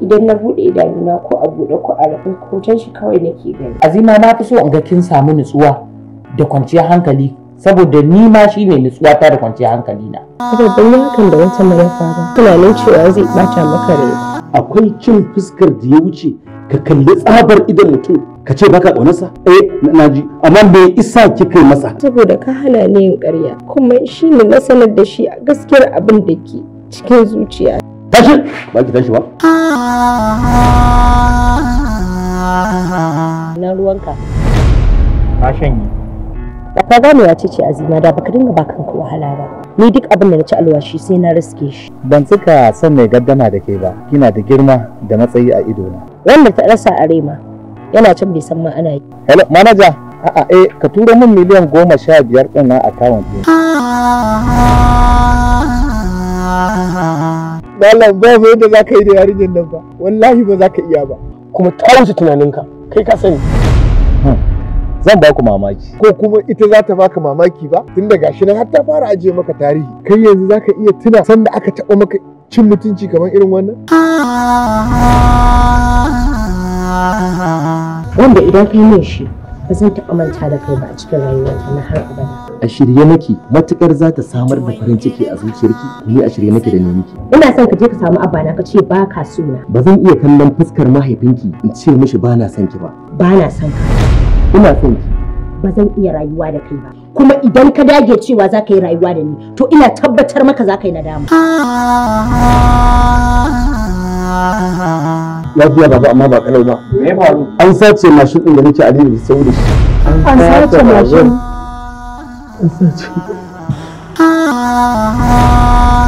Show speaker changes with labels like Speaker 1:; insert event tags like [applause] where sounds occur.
Speaker 1: idan na buɗe idanuna ko a bude ko a rufe hoton shi kawai nake gani. Azima na fi so in ga kin samu nutsuwa da kwanciyar hankali saboda ni ma shi ne nutsuwa ta da kwanciyar hankali na. Babban yankan da wancan mara fara tunanin cewa zai bata maka rai. Akwai cin fuskar da ya wuce ka kalli tsabar idan mutum ka ce baka ƙaunarsa eh na ji amma me isa kika masa saboda ka hana ni yin ƙarya kuma shine na sanar da shi a gaskiyar abin da ke cikin zuciya tashi ba ki tashi ba ruwanka ka shanye ba ka gane ya ce azima da baka dinga ba kanka wahala ba ni duk abin da na ci alwashi sai na riske shi ban cika son mai gaddana da ke ba kina da girma da matsayi a ido na wanda ta rasa a rema yana can bai san ma ana yi hello manaja a'a eh ka turo min miliyan goma sha biyar ɗin na akawun ɗin [laughs] Malam ba yadda za ka yi da yarinyar nan ba. Wallahi ba za ka iya ba. Kuma ta wuce tunaninka. Kai ka sani. Hmm. Zan ba ku mamaki. Ko kuma ita za ta baka mamaki ba tun da gashi nan har ta fara ajiye maka tarihi. Kai yanzu za ka iya tuna sanda aka taɓa maka cin mutunci kamar irin wannan? Wanda idan ka yi shi ba zan taɓa manta da kai ba a cikin rayuwarta na har abada. A shirye nake matukar za ta samar da farin ciki a zuciyarki ni a shirye nake da miki. Ina son ka je ka samu abana ka ce ba ka so na. Ba zan iya kallon fuskar mahaifinki in ce mishi ba na son ki ba. Ba na son ka. Ina son ki. Ba zan iya rayuwa da kai ba. Kuma idan ka dage cewa za ka yi rayuwa da ni to ina tabbatar maka za ka yi nadama. Ah. lafiya ba amma ba kalau ba an sace mashin din da nake a da sau da an sace mashin [laughs]